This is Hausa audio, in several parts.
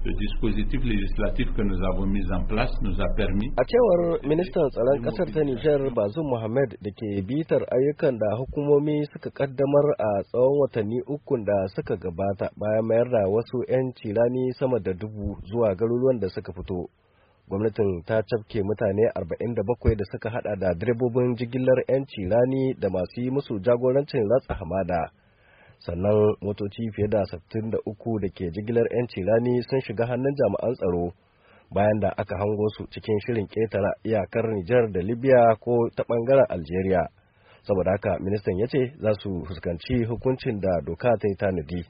Le dispositif législatif que nous avons mis en place nous a permis. A cewar ministan tsaron kasar ta Nijar Bazoum Mohamed da ke bitar ayyukan da hukumomi suka kaddamar a tsawon watanni uku da suka gabata bayan mayar da wasu 'yan cilani sama da dubu zuwa garuruwan da suka fito. Gwamnatin ta cafke mutane 47 da suka hada da direbobin jigilar 'yan cilani da masu yi musu jagorancin ratsa hamada. sannan motoci fiye da 63 da ke jigilar 'yanci rani sun shiga hannun jami'an tsaro bayan da aka hango su cikin shirin ƙetare iyakar Nijar da Libya ko ta ɓangaren Algeria. Saboda haka ministan ya ce za su fuskanci hukuncin da doka ta yi tanadi.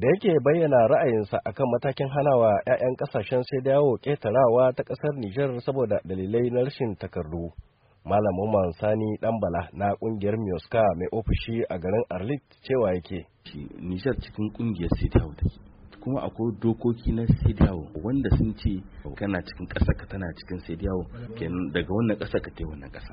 da yake bayyana ra'ayinsa akan matakin hanawa 'ya'yan kasashen sai da yawo ƙetarawa ta ƙasar Nijar saboda dalilai na rashin takardu. Malam Muhammad Sani bala na kungiyar Mioska mai ofishi a garin Arlit cewa yake. Nijar cikin kungiyar Sidiyawa take. Kuma akwai dokoki na Sidiyawa wanda sun ce kana cikin ƙasa ka tana cikin Sidiyawa kenan daga wannan ƙasa ka wannan ƙasa.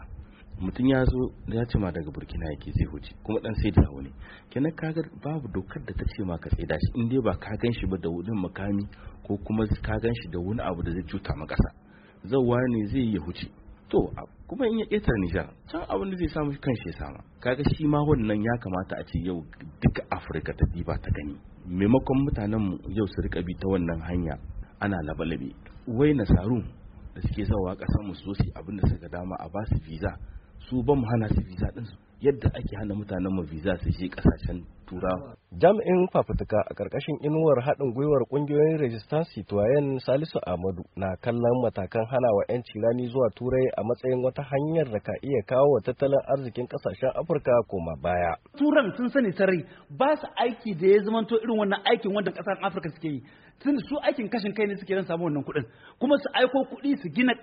Mutum ya zo ya ce ma daga Burkina yake zai huce kuma dan Sidiyawa ne. Kenan kaga babu dokar da ta ce ma ka tsaida shi in dai ba ka gan shi ba da wani makami ko kuma ka gan da wani abu da zai cuta ma ƙasa. Zauwa ne zai yi ya huce. to kuma in ya ƙetare Nijar can abin da zai samu kan shi sama kaga shi ma wannan ya kamata a ce yau duka Afirka ta ba ta gani maimakon mutanen mu yau su rika bi ta wannan hanya ana labalabe wai nasaru da suke zawa ƙasar mu su abin da suka dama a ba su visa su ba mu hana su visa din yadda ake hana mutanen mu visa su je kasashen turawa jami'in fafutuka a ƙarƙashin inuwar haɗin gwiwar ƙungiyoyin rajistan situayen salisu amadu na kallon matakan hana wa 'yanci rani zuwa turai a matsayin wata hanyar da ka iya kawo wa tattalin arzikin ƙasashen afirka koma baya turan sun sani sarri ba su aiki da ya zamanto irin wannan aikin wanda ƙasar afirka suke yi tun su aikin kashin kai ne suke ran samu wannan kuɗin kuma su aiko kuɗi su gina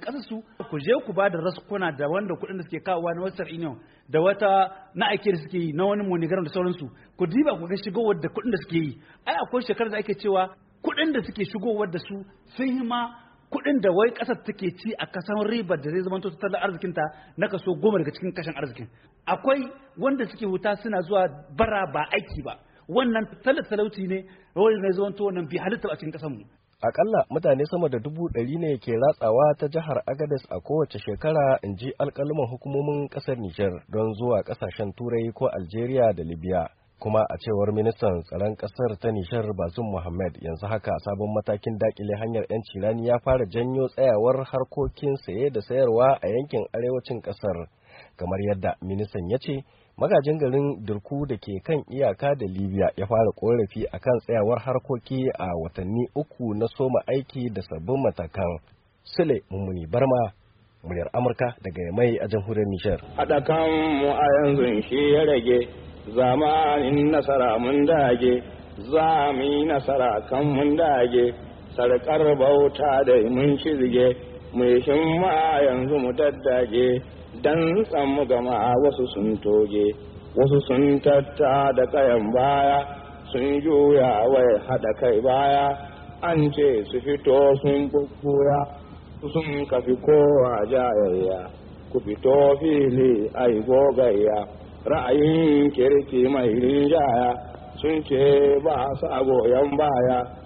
ƙasar su ku je ku ba da raskuna da wanda kuɗin da suke kawo na western da da wata na'akiyar suke yi na wani monigaram da sauransu ku diba ku ga shigowar da kuɗin da suke yi ai akwai shekarar da ake cewa kuɗin da suke shigowar da su sun yi ma kuɗin da wai ƙasar take ci a kasan riba da zai zama tattalin arzikinta na kaso goma daga cikin kashin arzikin akwai wanda suke wuta suna zuwa bara ba aiki ba wannan talauci ne wani zai zamanto wannan bi halitta a cikin mu. akalla mutane sama da dubu ɗari ne ke ratsawa ta jihar agadez a kowace shekara in ji alkaluman hukumomin ƙasar Niger don zuwa ƙasashen turai ko algeria da libya kuma a cewar ministan tsaron ƙasar ta nishar bazum muhammad yanzu haka sabon matakin dakile hanyar yanci rani ya fara janyo tsayawar harkokin saye da sayarwa a yankin arewacin ƙasar kamar yadda ministan ya ce magajin garin dirku da ke kan iyaka da libya ya fara korafi kan tsayawar harkoki a watanni uku na soma aiki da sabbin matakan sule mummuni barma muryar amurka daga mai a jamhuriyar nishar haɗa kanmu a yanzu shi ya rage zamanin nasara mun dage za mu yi nasara kan mun dage sarkar bauta da mun shirge mu yi yanzu mu daddage dan tsammu gama wasu sun toge wasu sun tatta da kayan baya sun juya wai haɗa kai baya an ce su fito sun su sun kafi kowa jayayya ku fito fili ai gogayya ra'ayin kirki mai rinjaya sun ce ba sa goyon baya